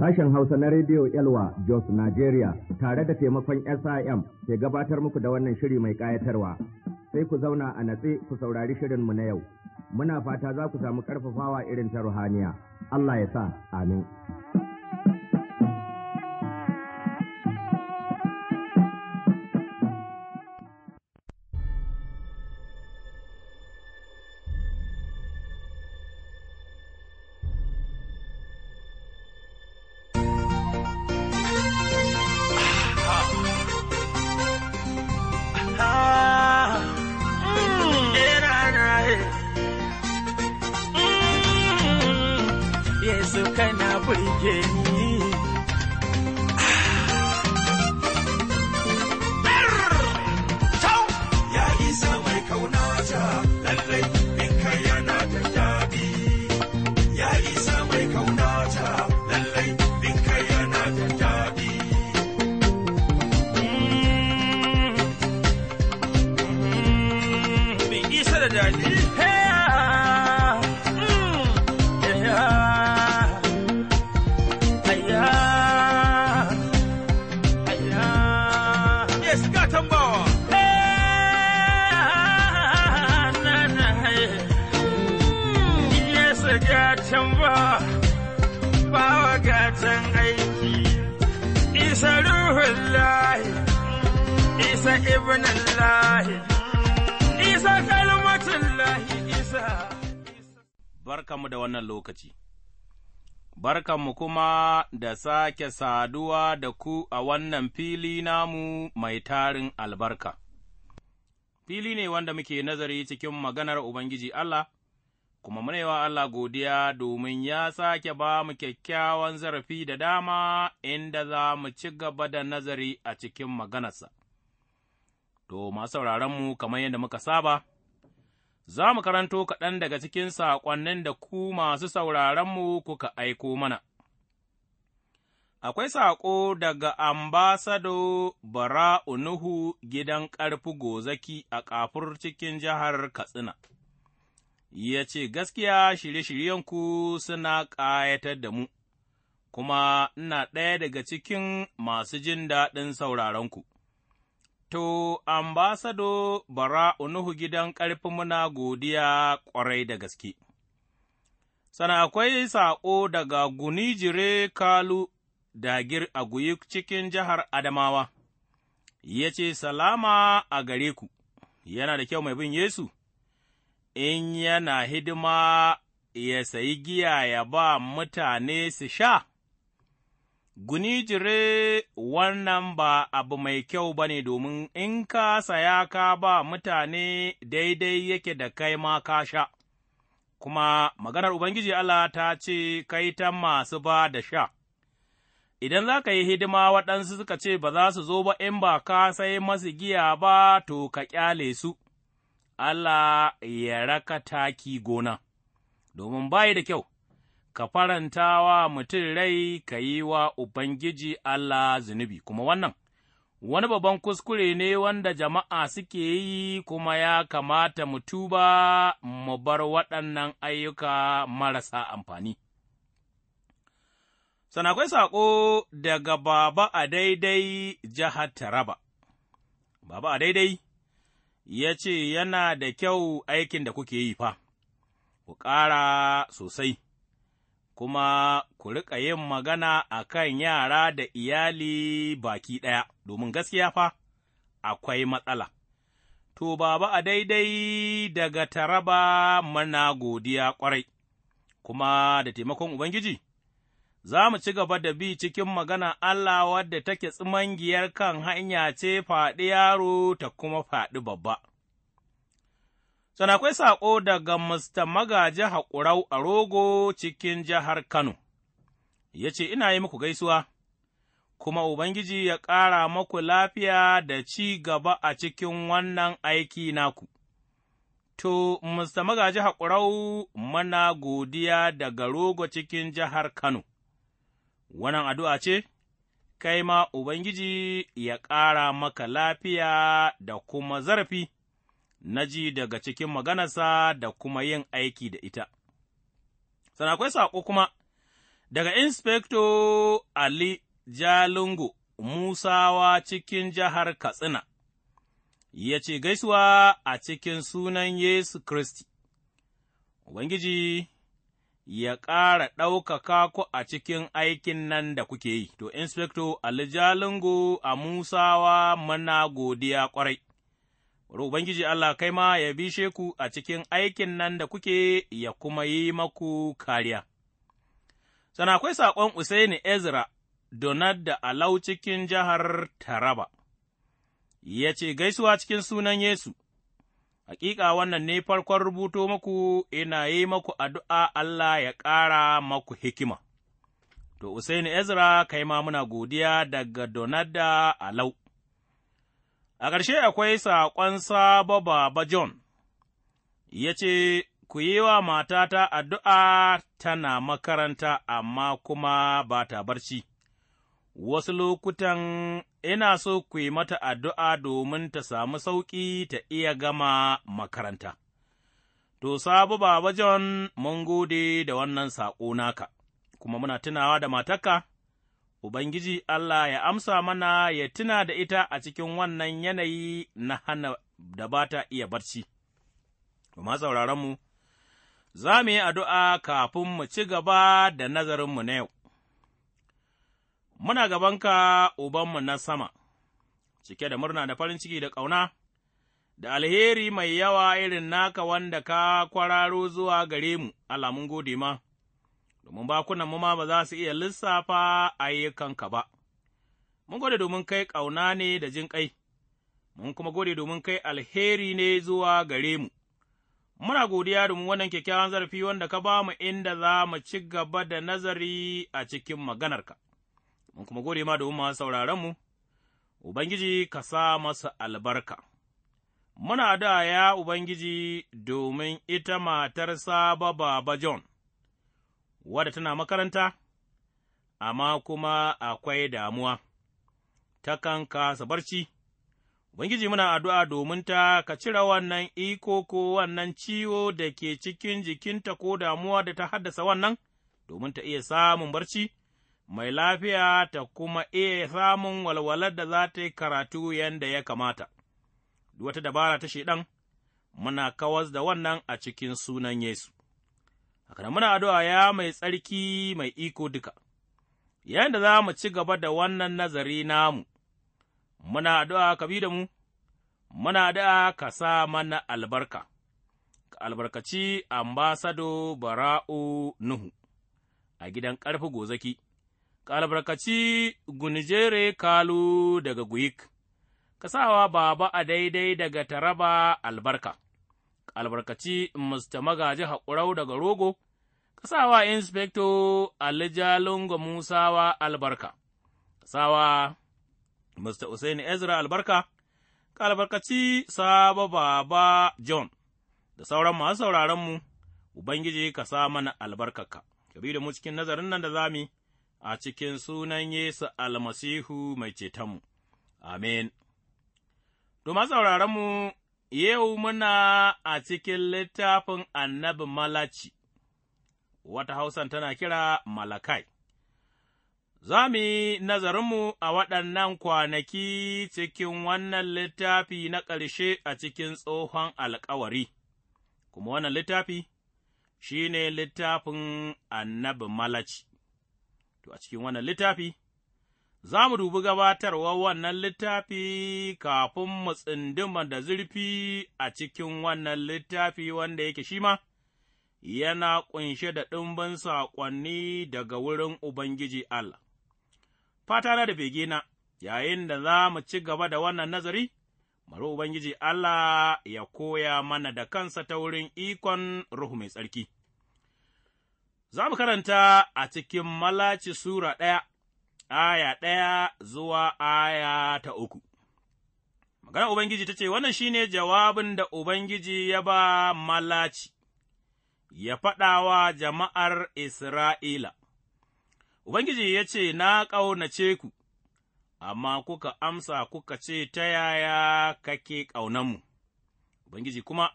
Sashen Hausa na Rediyo Elwa Jos Nigeria tare da taimakon SIM ke gabatar muku da wannan shiri mai ƙayatarwa. Sai ku zauna a natse ku saurari shirinmu na yau. Muna fata za ku samu ƙarfafawa irin ta ruhaniya. Allah ya sa, amin. isa ibn barkanmu da wannan lokaci barkanmu kuma da sake saduwa da ku a wannan fili namu mai tarin albarka fili ne wanda muke nazari cikin maganar ubangiji Allah kuma muna wa Allah godiya domin ya sake ba mu kyakkyawan zarafi da dama inda za mu ci gaba da nazari a cikin maganarsa. To, masu mu kamar yadda muka saba, za mu karanto kaɗan daga cikin saƙonnin da ku masu sauraronmu kuka aiko mana. Akwai saƙo daga ambasado bara unuhu gidan ƙarfi gozaki a ƙafur cikin jihar Katsina, ya ce, Gaskiya shirye-shiryenku suna ƙayatar da mu, kuma ina ɗaya daga cikin masu jin daɗin sauraronku. To, ambasado bara unuhu gidan ƙarfi muna godiya ƙwarai da gaske. Sana akwai saƙo daga Gunijire Kalu Dagir a guyi cikin jihar Adamawa, ya ce, Salama a gare ku, yana da kyau mai bin Yesu, in yana hidima ya sayi giya ya ba mutane su sha, guni jire wannan ba abu mai kyau ba ne domin in ka saya ka ba mutane daidai yake da kai ma ka sha, kuma maganar Ubangiji Allah ta ce kai ta masu ba da sha. Idan za ka yi hidima waɗansu suka ce ba za su zo ba in ba ka sai masu giya ba to ka ƙyale su, Allah ya raka taki gona, domin bayi da kyau. ka faranta wa mutum rai ka yi wa Ubangiji Allah zunubi, kuma wannan wani babban kuskure ne wanda jama'a suke yi kuma ya kamata mu tuba mu bar waɗannan ayyuka marasa amfani. Sanakwai saƙo daga Baba a daidai jihar Taraba, Baba a daidai ya ce yana da kyau aikin da kuke yi fa, ku ƙara sosai. kuma ku riƙa yin magana a kan yara da iyali baki ɗaya, domin gaskiya fa akwai matsala. To, baba a daidai daga taraba mana godiya ƙwarai, kuma da taimakon Ubangiji, za mu ci gaba da bi cikin magana Allah wadda take tsimangiyar kan hanya ce faɗi yaro ta kuma faɗi babba. Sana akwai saƙo daga Mista Magaji Haƙurau a Rogo cikin jihar Kano, ya ce, Ina yi muku gaisuwa, kuma Ubangiji ya ƙara maku lafiya da ci gaba a cikin wannan aiki naku. To, Mista Magaji Haƙurau mana godiya daga Rogo cikin jihar Kano, wannan addu'a ce, Kai ma Ubangiji ya ƙara maka lafiya da kuma zarafi. na ji daga cikin maganarsa da kuma yin aiki da ita. Sana akwai saƙo kuma daga Inspector Ali Jalingo Musawa cikin jihar Katsina, ya ce gaisuwa a cikin sunan Yesu kristi Ubangiji ya ƙara ɗaukaka ku a cikin aikin nan da kuke yi, to, Inspector Ali Jalingo a Musawa mana godiya ƙwarai. Ubangiji Allah kai ma ya bishe ku a cikin aikin nan da kuke ya kuma yi maku kariya. Sana akwai saƙon Usaini Ezra donar da Alau cikin jihar Taraba, ya ce, Gaisuwa cikin sunan Yesu, hakika wannan ne farkon rubuto maku ina yi maku addu'a Allah ya ƙara maku hikima. To, Usaini Ezra kai ma muna godiya daga donar da Alau. A ƙarshe akwai saƙon sabo Baba John, ya ce, Ku yi wa matata addu'a tana makaranta, amma kuma ba ta barci, wasu lokutan ina so ku yi mata addu'a domin ta samu sauƙi ta iya gama makaranta. To, sabo Baba John, mun gode da wannan saƙo naka, kuma muna tunawa da matarka Ubangiji Allah ya amsa mana ya tuna da ita a cikin wannan yanayi na hana da ba ta iya barci. Kuma sauraronmu, za mu yi addu'a kafin mu ci gaba da nazarinmu na yau. Muna gabanka, Ubanmu na sama, cike da murna da farin ciki da ƙauna, da alheri mai yawa irin naka wanda ka kwararo zuwa gare mu, Allah mun gode ma. domin mu ma ba za su iya lissafa ayyukanka ba. Mun gode domin kai ƙauna ne da jin ƙai, mun kuma gode domin kai alheri ne zuwa gare mu. Muna godiya domin wannan kyakkyawan zarafi wanda ka ba mu inda za mu ci gaba da nazari a cikin maganarka. Mun kuma gode ma domin masu sauraronmu, Ubangiji ka sa masa albarka. Muna da ya Ubangiji domin ita matar Saba Baba John. wadda tana makaranta, amma kuma akwai damuwa, takan kasa barci. Ubangiji muna addu'a domin ta ka cire wannan iko ko wannan ciwo da ke cikin jikinta ko damuwa da ta haddasa wannan, domin ta iya samun barci, mai lafiya ta kuma iya samun walwalar da za ta yi karatu yadda ya kamata. wata dabara ta shaiɗan, muna kawas da wannan a cikin sunan Yesu. haka muna addu'a ya mai tsarki mai iko duka, yayin da za mu ci gaba da wannan nazari namu, muna addu'a ka bi da mu, muna addu'a ka sa mana albarka, ka albarkaci ambasado bara'u Nuhu a gidan ƙarfi gozaki, ka albarkaci gunjere kalu daga guyik, ka sawa baba a daidai daga taraba albarka. albarkaci Mr. Magaji Haƙurau daga Rogo, kasawa Inspecto Lungo Musawa albarka, kasawa Mr. Hussein Ezra albarka, ka albarkaci Saba Baba John da sauran masu sauraronmu, Ubangiji ka sa mana albarkaka, ka bi da mu cikin nazarin nan da za mu a cikin sunan Yesu almasihu mai cetonmu, amin. Domin sauraronmu Yau muna a cikin littafin annabi Malachi, wata Hausan tana kira Malakai. Za mu yi nazarinmu a waɗannan kwanaki cikin wannan littafi na ƙarshe a cikin tsohon alkawari, kuma wannan littafi shi ne littafin annabi Malachi. To, a cikin wannan littafi, za mu dubi gabatarwa wannan littafi kafin mu tsindima da zurfi a cikin wannan littafi wanda yake shi ma, yana ƙunshe da ɗumbin saƙonni daga wurin Ubangiji Allah. Fata na da begena, yayin da za mu ci gaba da wannan nazari, bari Ubangiji Allah ya koya mana da kansa ta wurin ikon Ruhu Mai Tsarki. Za mu karanta a cikin Malaci Sura ɗaya. aya ɗaya zuwa aya ta uku. Maganar Ubangiji ta ce, Wannan shi ne jawabin da Ubangiji ya ba malaci, ya faɗa wa jama'ar Isra'ila. Ubangiji ya ce, Na ƙaunace ku, amma kuka amsa kuka ce, Ta yaya kake ƙaunanmu? Ubangiji kuma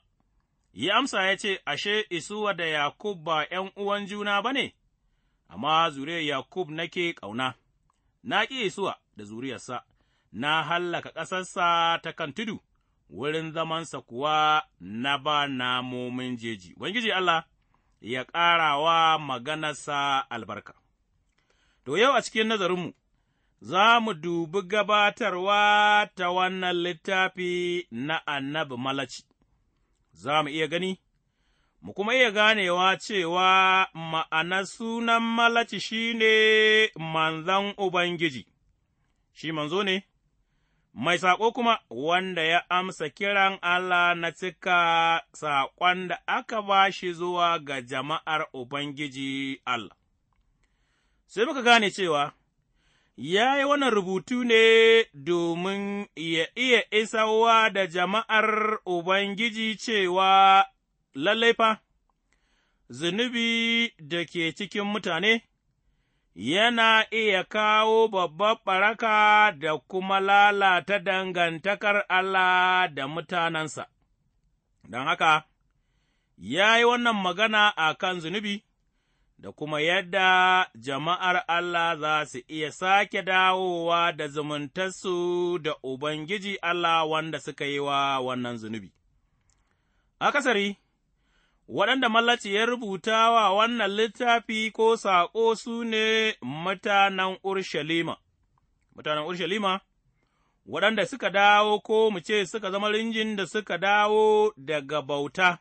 ya amsa ya ce, Ashe, Isuwa da Yakub ba ’yan uwan juna ba ne, amma zure Yakub nake ƙauna. na ƙi Yesuwa da zuriyarsa, na hallaka ƙasarsa ta kan tudu, wurin zamansa kuwa na ba namomin jeji. Ubangiji Allah ya ƙara wa maganarsa albarka. To, yau a cikin nazarinmu, za mu dubi gabatarwa ta wannan littafi na annabi malaci za mu iya gani mu kuma iya ganewa cewa ma'anar sunan malaci shi ne manzan Ubangiji, shi manzo ne, mai saƙo kuma wanda ya amsa kiran Allah na cika saƙon da aka ba shi zuwa ga jama'ar Ubangiji Allah. Sai muka gane cewa, ya yi wannan rubutu ne domin ya iya isawa da jama'ar Ubangiji cewa lallai fa, zunubi da ke cikin mutane yana iya kawo babbar ɓaraka da kuma lalata dangantakar Allah da mutanensa, don haka, ya yi wannan magana a kan zunubi. da kuma yadda jama'ar Allah za su iya sake dawowa da zumuntarsu da Ubangiji Allah wanda suka yi wa wannan zunubi. A Akasari, waɗanda mallaci ya rubuta wa wannan littafi ko saƙo su ne mutanen Urshalima, mutanen Urshalima, waɗanda suka dawo ko mu ce suka zama rinjin da suka dawo daga bauta,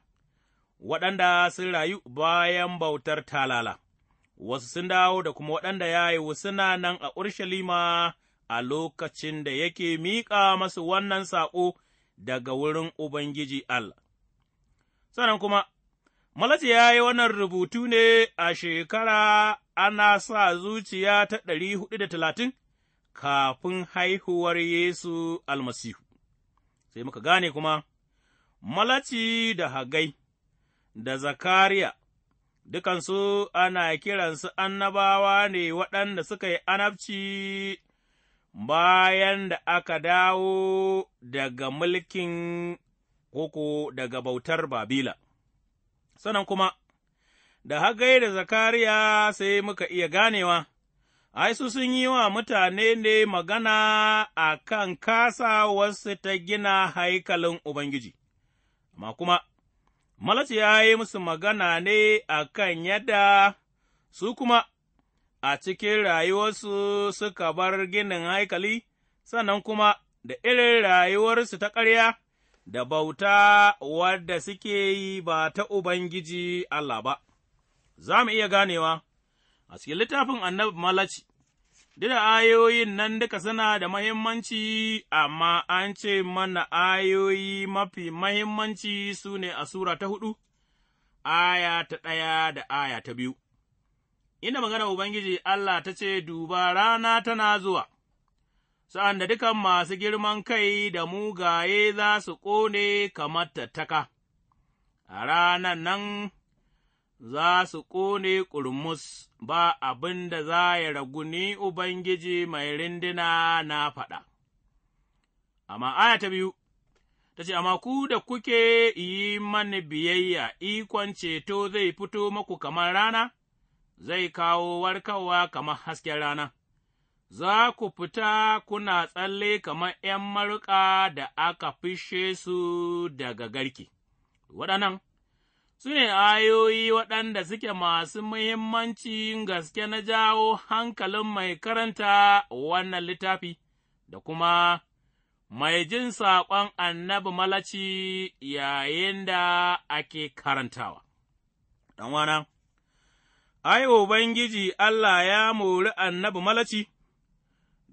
waɗanda sun rayu bayan bautar talala, wasu sun dawo da kuma waɗanda ya yi suna nan a Urshalima a lokacin da yake miƙa masu wannan saƙo daga wurin Ubangiji Allah. Sannan kuma Malachi ya yi wannan rubutu ne a shekara ana sa zuciya ta ɗari huɗu da talatin kafin haihuwar Yesu almasihu. Sai muka gane kuma, Malachi da Hagai da Zakariya, dukansu ana kiransu annabawa ne waɗanda suka yi anabci bayan da aka dawo daga mulkin koko daga bautar Babila. sannan kuma, da Hagai da Zakariya sai muka iya ganewa, ai, su sun yi wa mutane ne magana a kan kasa wasu ta gina haikalin Ubangiji, amma kuma, Malati ya yi musu magana ne a kan yadda su kuma a cikin rayuwarsu suka bar ginin haikali, sannan kuma da irin rayuwarsu ta ƙarya. da bauta wadda suke yi ba ta Ubangiji Allah ba, za mu iya ganewa, a cikin littafin annabi Malachi, dida ayoyin nan duka suna da mahimmanci, amma an ce mana ayoyi mafi mahimmanci su ne a Sura ta hudu, aya ta ɗaya da aya ta biyu, inda magana Ubangiji Allah ta ce, Duba rana tana zuwa. sa'an da dukan masu girman kai da mugaye za su ƙone kamar tattaka, a ranan nan za su ƙone ƙurmus ba abin da za ya ragu ni Ubangiji mai rindina na faɗa. Amma aya ta biyu, ta ce, Amma ku da kuke yi mani biyayya, ikon ceto zai fito maku kamar rana, zai kawo warkarwa kamar hasken rana. za ku fita kuna tsalle kamar ’yan maruƙa da aka fishe su daga garke. Waɗannan su ne ayoyi waɗanda suke masu muhimmancin gaske na jawo hankalin mai karanta wannan littafi da kuma mai jin saƙon annabi malaci yayin da ake karantawa. wana, ai, Ubangiji Allah ya mori annabi malaci.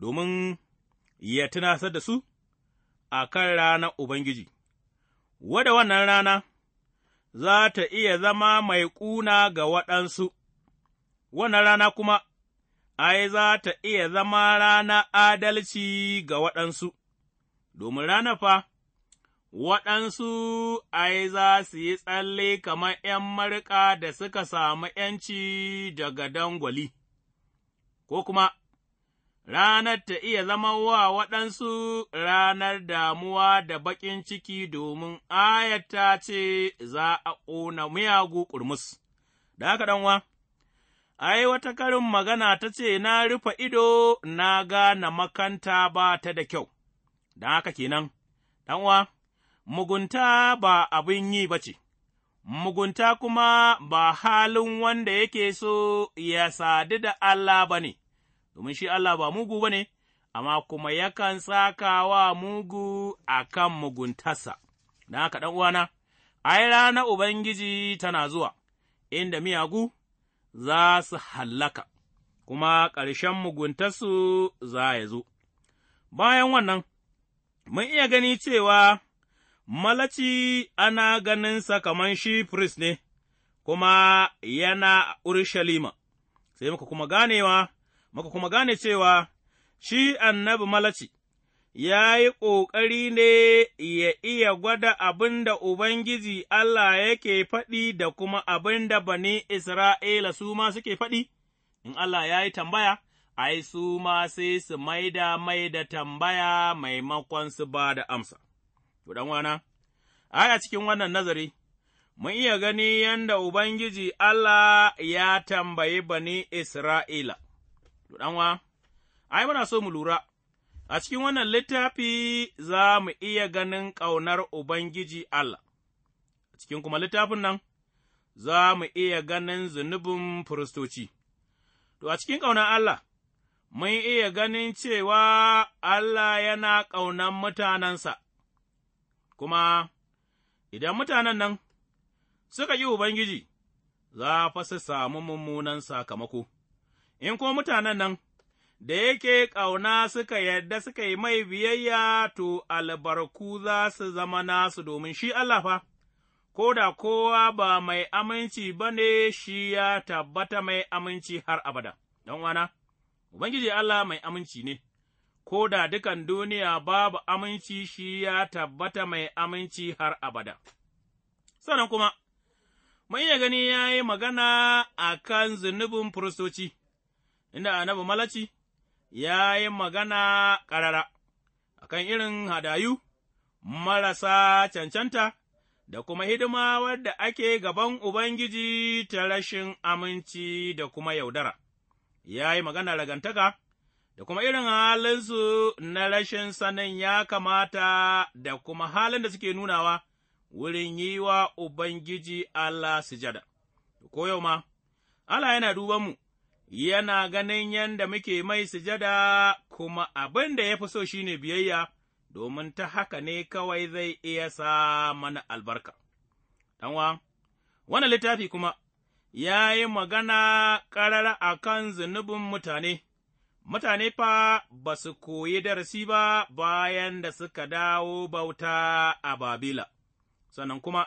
domin ya tunasar da su a kan ranar Ubangiji, wada wannan rana za ta iya zama mai ƙuna ga waɗansu, wannan rana kuma, ai, za ta iya zama rana adalci ga waɗansu, domin rana fa, waɗansu ai, za su yi tsalle kamar ’yan marika da suka samu ’yanci daga dangwali, ko kuma ranar ta iya zama wa waɗansu ranar damuwa da baƙin ciki domin ayata ce za a ƙona miyagu ƙurmus. Da haka ɗanwa, ai, wata karin magana ta ce, Na rufe ido, na gane makanta ba ta da kyau, da haka kenan, ɗanwa, mugunta ba abin yi ba ce. Mugunta kuma ba halin wanda yake so ya sadu da Allah ba ne, domin shi Allah ba mugu ba ne, amma kuma yakan wa mugu a kan muguntarsa. Na haka uwana, ai rana Ubangiji tana zuwa, inda miyagu za su hallaka, kuma ƙarshen muguntarsu za ya zo. Bayan wannan, mun iya gani cewa malaci ana ganinsa kamar shi firist ne, kuma yana Urushalima, sai muka kuma ganewa. muka kuma gane cewa shi annabi malaci ya yi ƙoƙari ne ya iya gwada abin da Ubangiji Allah yake faɗi da kuma abin da bani Isra'ila su ma suke faɗi, in Allah ya yi tambaya, ai, su ma sai su maida mai da tambaya maimakon su ba da amsa. wana, ai, a cikin wannan nazari, mun iya gani yadda Ubangiji Allah ya tambayi bani Isra'ila. To ɗanwa, ai, muna so mu lura, a cikin wannan littafi za mu iya ganin ƙaunar Ubangiji Allah, a cikin kuma littafin nan za mu iya ganin zunubin firistoci. To, a cikin ƙaunar Allah, mun iya ganin cewa Allah yana ƙaunar mutanensa, kuma idan mutanen nan suka yi Ubangiji, za fa su samu mummunan sakamako. in kuma mutanen nan da yake ƙauna suka yarda suka yi mai biyayya, to, albarku za su zama nasu domin shi Allah fa, ko da kowa ba mai aminci ba ne shi ya tabbata mai aminci har abada, don wana, Ubangiji Allah mai aminci ne, ko da dukan duniya babu aminci shi ya tabbata mai aminci har abada. Sannan kuma, mun iya gani ya yi magana a kan zunubin firistoci. inda annabi Malaci ya yi magana ƙarara a kan irin hadayu marasa cancanta da kuma hidima wadda ake gaban Ubangiji ta rashin aminci da kuma yaudara, ya yi magana ragantaka da kuma irin halinsu na rashin sanin ya kamata da kuma halin da suke nunawa wurin yi wa Ubangiji Allah sujada. Ko yau ma, Allah yana duban mu yana ganin yadda muke mai sujada, kuma abin da ya fi so shi ne biyayya, domin ta haka ne kawai zai iya sa mana albarka. Ɗanwa, wannan littafi kuma ya yi magana ƙarara a kan zunubin mutane, mutane fa ba su koyi darasi ba bayan da suka dawo bauta a Babila, sannan kuma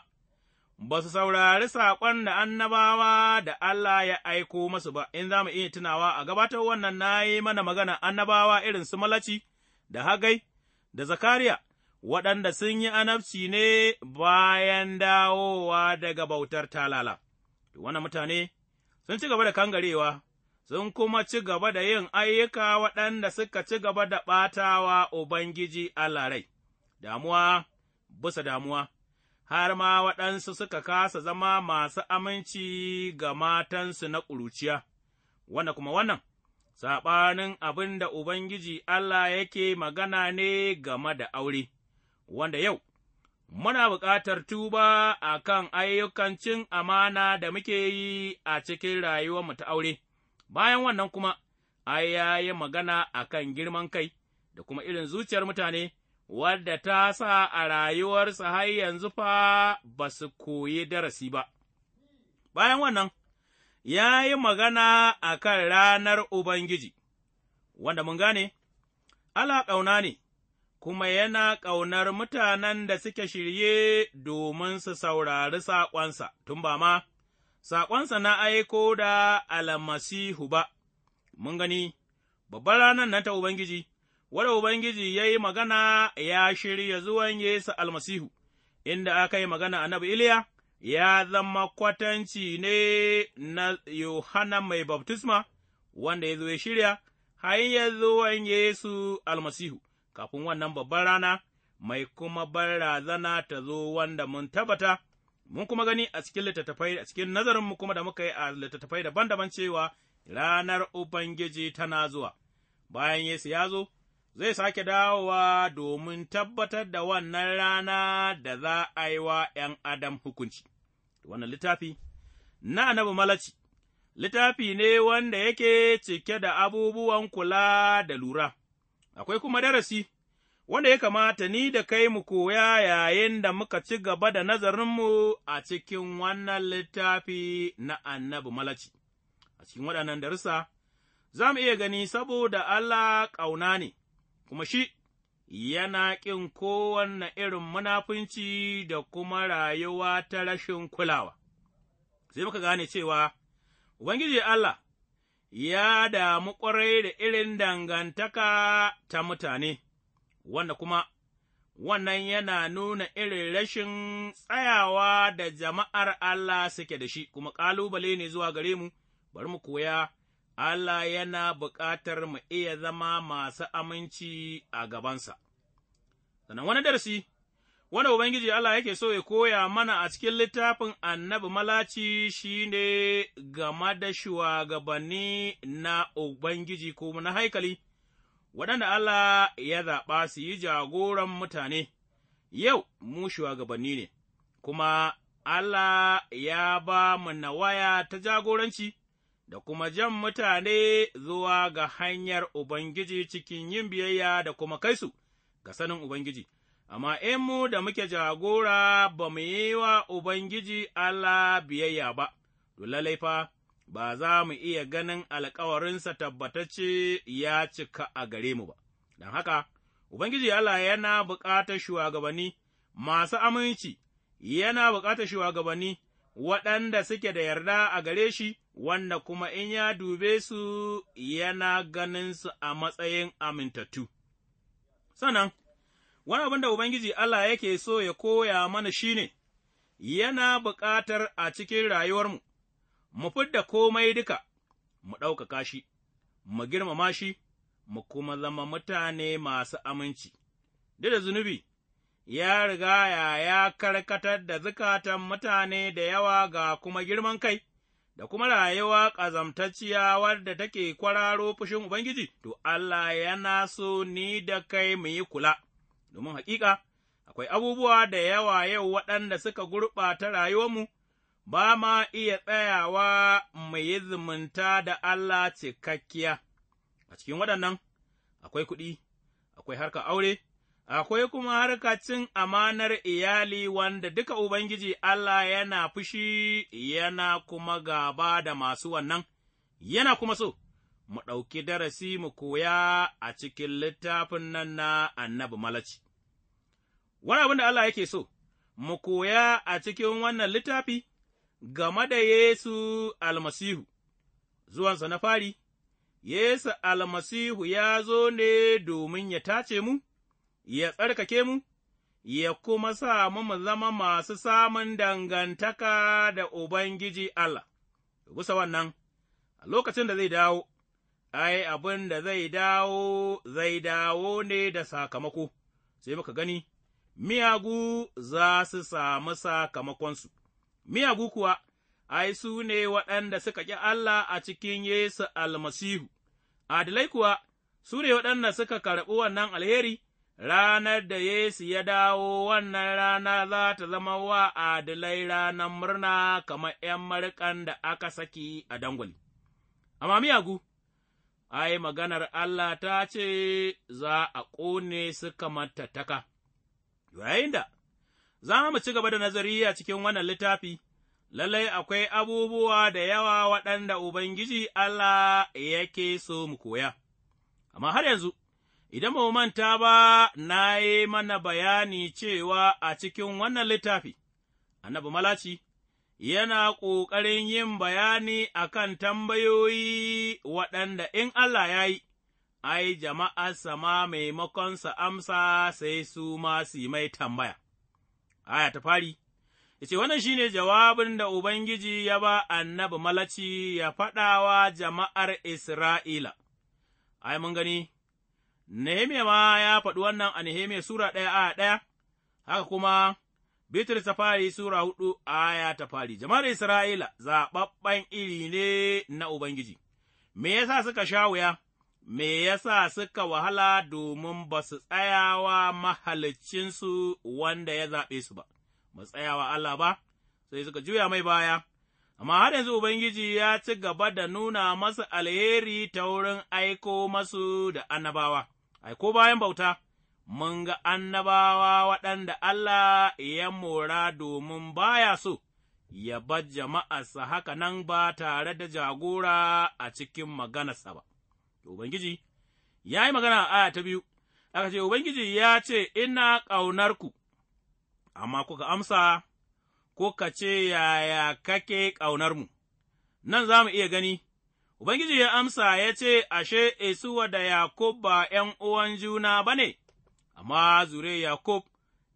ba su saurari saƙon da annabawa da Allah ya aiko masu ba, in za mu iya tunawa a gabatar wannan na yi mana magana annabawa irin su malaci da hagai da zakariya, waɗanda sun yi anabci ne bayan dawowa daga bautar talala. Wannan mutane sun ci gaba da kangarewa, sun kuma ci gaba da yin ayyuka waɗanda suka ci gaba da ɓatawa Ubangiji Allah rai, damuwa bisa damuwa. har ma waɗansu suka kasa zama masu aminci ga matansu na ƙuruciya, wanda kuma wannan, saɓanin abin da Ubangiji Allah yake magana ne game da aure, wanda yau, muna buƙatar tuba a kan ayyukan cin amana da muke yi a cikin rayuwarmu ta aure, bayan wannan kuma, ai ya yi magana a kan girman kai da kuma irin zuciyar mutane. wadda ta sa a rayuwarsa har yanzu fa ba su koyi darasi ba. Bayan wannan, ya yi magana a kan ranar Ubangiji, wanda mun gane, Allah ƙauna ne, kuma yana ƙaunar mutanen da suke shirye domin su saurari saƙonsa, tun ba ma, saƙonsa na aiko da almasihu ba, mun gani, babbar ranar nan ta Ubangiji. wadda Ubangiji ya yi magana ya shirya zuwan Yesu almasihu, inda aka yi magana annabi Iliya, ya zama kwatanci ne na Yohana mai baftisma, wanda ya zo ya shirya, hanyar zuwan Yesu almasihu, kafin wannan babban rana, mai kuma barazana ta zo wanda mun tabbata, mun kuma gani a cikin littattafai, a cikin nazarinmu kuma da muka yi a littattafai daban-daban cewa ranar Ubangiji tana zuwa. Bayan Yesu ya zo, zai sake dawowa domin tabbatar da wannan rana da za a yi wa ’yan Adam hukunci. Wannan littafi na annabi malaci, littafi ne wanda yake cike da abubuwan kula da lura, akwai kuma darasi wanda ya kamata ni da kai mu koya yayin da muka ci gaba da nazarinmu a cikin wannan littafi na annabi malaci. A cikin waɗannan darussa, za mu iya gani saboda Allah ƙauna ne. kuma shi yana ƙin kowanne irin munafunci da kuma rayuwa ta rashin kulawa, sai muka gane cewa Ubangiji Allah ya damu ƙwarai da irin dangantaka ta mutane, wanda kuma wannan yana nuna irin rashin tsayawa da jama'ar Allah suke da shi, kuma ƙalubale ne zuwa gare mu, bari mu koya Allah yana buƙatar mu iya zama masu aminci a gabansa. Sannan wani darasi, wanda Ubangiji Allah yake so ya koya mana a cikin littafin annabi malaci shi ne game da shugabanni na Ubangiji ko na haikali, waɗanda Allah ya zaɓa su yi jagoran mutane, yau mu shugabanni ne, kuma Allah ya ba mu nawaya ta jagoranci. da kuma jan mutane zuwa ga hanyar Ubangiji cikin yin biyayya da kuma kaisu ga sanin Ubangiji, amma in mu da muke jagora ba mu yi wa Ubangiji Allah biyayya ba, dole fa ba za mu iya ganin alkawarinsa tabbatacce ya cika a gare mu ba, don haka Ubangiji Allah yana bukatar shugabanni masu aminci, yana bukatar shugabanni waɗanda suke da yarda a gare shi. wanda kuma in ya dube su yana ganin su a matsayin amintattu. Sannan, wani abin da Ubangiji Allah yake so ya koya mana shi ne, yana buƙatar a cikin rayuwarmu, mu fidda komai duka, mu ɗaukaka shi, mu girmama shi, mu kuma zama mutane masu aminci. Duk da zunubi, ya riga ya karkatar da zukatan mutane da yawa ga kuma girman kai. da kuma rayuwa ƙazamtacciya wadda take kwararo fushin Ubangiji, to Allah yana so ni da kai mu yi kula, domin haƙiƙa akwai abubuwa da yawa yau waɗanda suka gurɓata rayuwarmu, ba ma iya tsayawa mu yi zumunta da Allah cikakkiya, a cikin waɗannan akwai kuɗi, akwai harkar aure, akwai kuma harkacin amanar iyali wanda duka Ubangiji Allah yana fushi yana kuma gaba da masu wannan, yana kuma so, mu ɗauki darasi mu koya a cikin littafin nan na annabi malaci. Wani abin da Allah yake so, mu koya a cikin wannan littafi game da Yesu almasihu, zuwansa na fari, Yesu almasihu ya zo ne domin ya tace mu? ya tsarkake mu, ya kuma sa mu mu zama masu samun dangantaka da Ubangiji Allah, bisa wannan, a lokacin da zai dawo, ai, abin da zai dawo, zai dawo ne da sakamako, sai muka gani, miyagu za su samu sakamakonsu, miyagu kuwa, ai, su ne waɗanda suka ƙi Allah a cikin Yesu almasihu, Adilai kuwa, su ne waɗanda suka karɓi wannan alheri. ranar da Yesu ya dawo wannan rana za ta zama wa adalai ranar murna kamar ’yan marikan da aka saki a dangwali. Amma miyagu, ai, maganar Allah ta ce za a ƙone su kamar tattaka, yayin da za mu ci gaba da nazari a cikin wannan littafi. lallai akwai abubuwa da yawa waɗanda Ubangiji Allah yake so mu koya, amma har yanzu, Idan ba manta ba, na yi mana bayani cewa a cikin wannan littafi, annabi malaci yana ƙoƙarin yin bayani a kan tambayoyi waɗanda in Allah ya yi, ai, jama'ar sama maimakon sa amsa sai su ma su mai tambaya. Aya ta fari, ice ce, Wannan shi ne jawabin da Ubangiji ya ba annabi malaci ya faɗawa jama'ar Isra'ila, ai, mun gani. Nehemiya ma ya faɗi wannan a Nehemiya Sura ɗaya a ɗaya, haka kuma Bitrus ta fari Sura hudu aya ta fari, jama'ar Isra'ila zaɓaɓɓen iri ne na Ubangiji, me ya sa suka sha wuya, me ya sa suka wahala domin ba su tsayawa mahalicinsu wanda ya zaɓe su ba, ba tsayawa Allah ba, sai suka juya mai baya. amma har yanzu Ubangiji ya ci gaba da nuna masu alheri ta wurin aiko masu da annabawa, ai, ko bayan bauta, mun ga annabawa waɗanda Allah ya mora domin baya so, ya bar jama'arsa haka nan ba tare da jagora a cikin maganarsa ba. Ubangiji, ya yi magana a aya ta biyu, aka ce, Ubangiji ya ce, Ina ƙaunar ku? amma kuka amsa, Ko ka ce, Yaya kake ƙaunar mu? nan za mu iya gani. Ubangiji ya amsa ya ce, Ashe, Esuwa da Yakub ba ’yan uwan juna ba ne, amma zure Yakub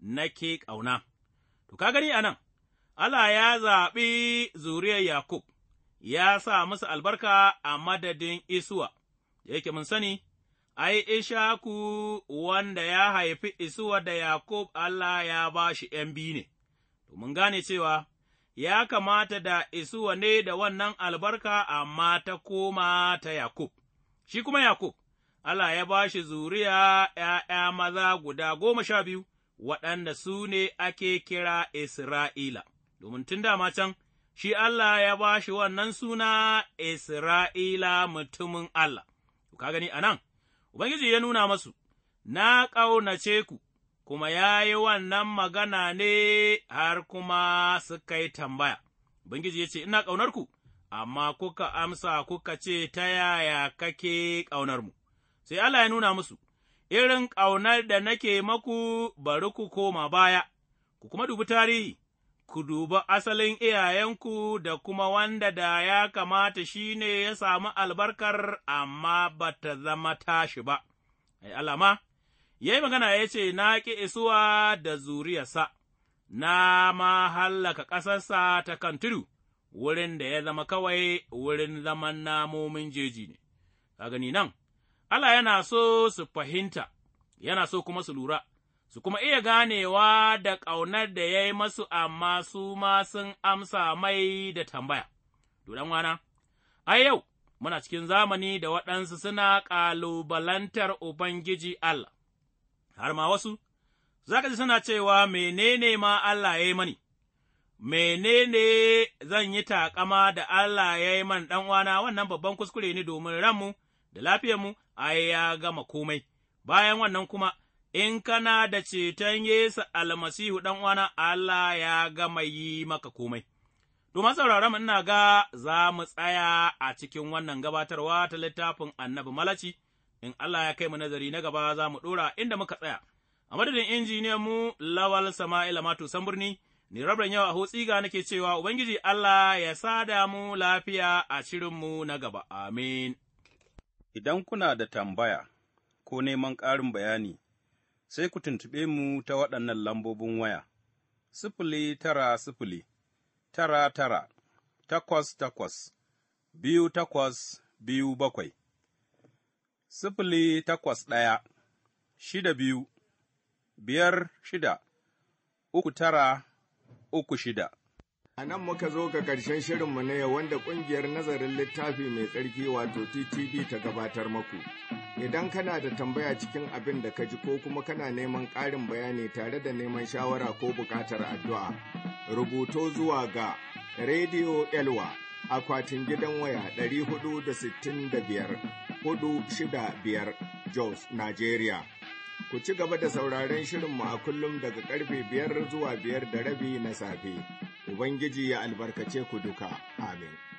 nake ƙauna. To, ka gani a nan, Allah ya zaɓi zuriyar Yakub, ya sa musu albarka a madadin Isuwa, da yake mun sani, ai, Ishaku wanda ya haifi Isuwa da Yakub, Allah ya ba shi ’yan biyu ne, to mun gane cewa ya kamata da Isuwa ne da wannan albarka, amma ta koma ta Yakub, shi kuma Yakub, Allah ya ba shi zuriya ’ya'ya maza guda goma sha biyu, waɗanda su ne ake kira Isra'ila, domin tun dama can, shi Allah ya ba shi wannan suna Isra'ila mutumin Allah, ka gani a nan, Ubangiji ya nuna masu, Na ƙaunace ku, kuma ya yi wannan magana ne har kuma suka yi tambaya. Bangiji ya ce, Ina ƙaunarku, amma kuka amsa kuka ce, Ta yaya kake ƙaunarmu? Sai Allah ya nuna musu, Irin ƙaunar da nake maku bari ku koma baya, ku kuma dubi tarihi, ku dubi asalin iyayenku da kuma wanda da ya kamata shi ne ya samu albarkar amma ba ta zama tashi ba. Ai, Allah ma, ya yi magana ya ce, Na ƙi isuwa da zuriyarsa, na ma hallaka ƙasarsa ta kan tudu, wurin da ya zama kawai wurin zaman namomin jeji ne, a gani nan, Allah yana so su fahimta, yana so kuma su lura, su kuma iya ganewa da ƙaunar da ya yi masu amma su ma sun amsa mai da tambaya. Dodon wana, ai yau, muna cikin zamani da waɗansu suna ƙalubalantar Ubangiji Allah. har ma wasu, zaka ji suna cewa menene ma Allah ya yi mani, menene zan yi taƙama da Allah ya yi man uwana. wannan babban kuskure ne domin ranmu da lafiyarmu a ya gama komai, bayan wannan kuma. in kana da ceton Yesu almasihu uwana, Allah ya gama yi maka komai. Domin sauraron ina ga za mu tsaya a cikin wannan gabatarwa ta littafin annabi Malachi, in Allah ya kai mu nazari na gaba za mu ɗora inda muka tsaya. A madadin injiniyan mu Lawal Sama'ila Mato Samburni, ni rabin yawa a ga nake cewa Ubangiji Allah ya sa da mu lafiya a mu na gaba, amin. Idan kuna da tambaya ko neman ƙarin bayani, sai ku tuntuɓe mu ta waɗannan lambobin waya, sifili tara sifili, tara tara, takwas takwas, biyu takwas biyu bakwai. sifili takwas ɗaya, shida biyu, biyar shida, uku tara, uku shida. A nan muka zo ga ƙarshen shirinmu ne wanda ƙungiyar nazarin littafi mai tsarki wato ttv ta gabatar maku. Idan kana da tambaya cikin abin da ka ji ko kuma kana neman ƙarin bayani tare da neman shawara ko buƙatar addu'a, rubuto zuwa ga Radio Elwa. akwatin gidan waya 465 Jos, Nigeria. Ku ci gaba da sauraron shirinmu a kullum daga karfe biyar zuwa biyar da rabi na safe. Ubangiji ya albarkace ku duka. Amin.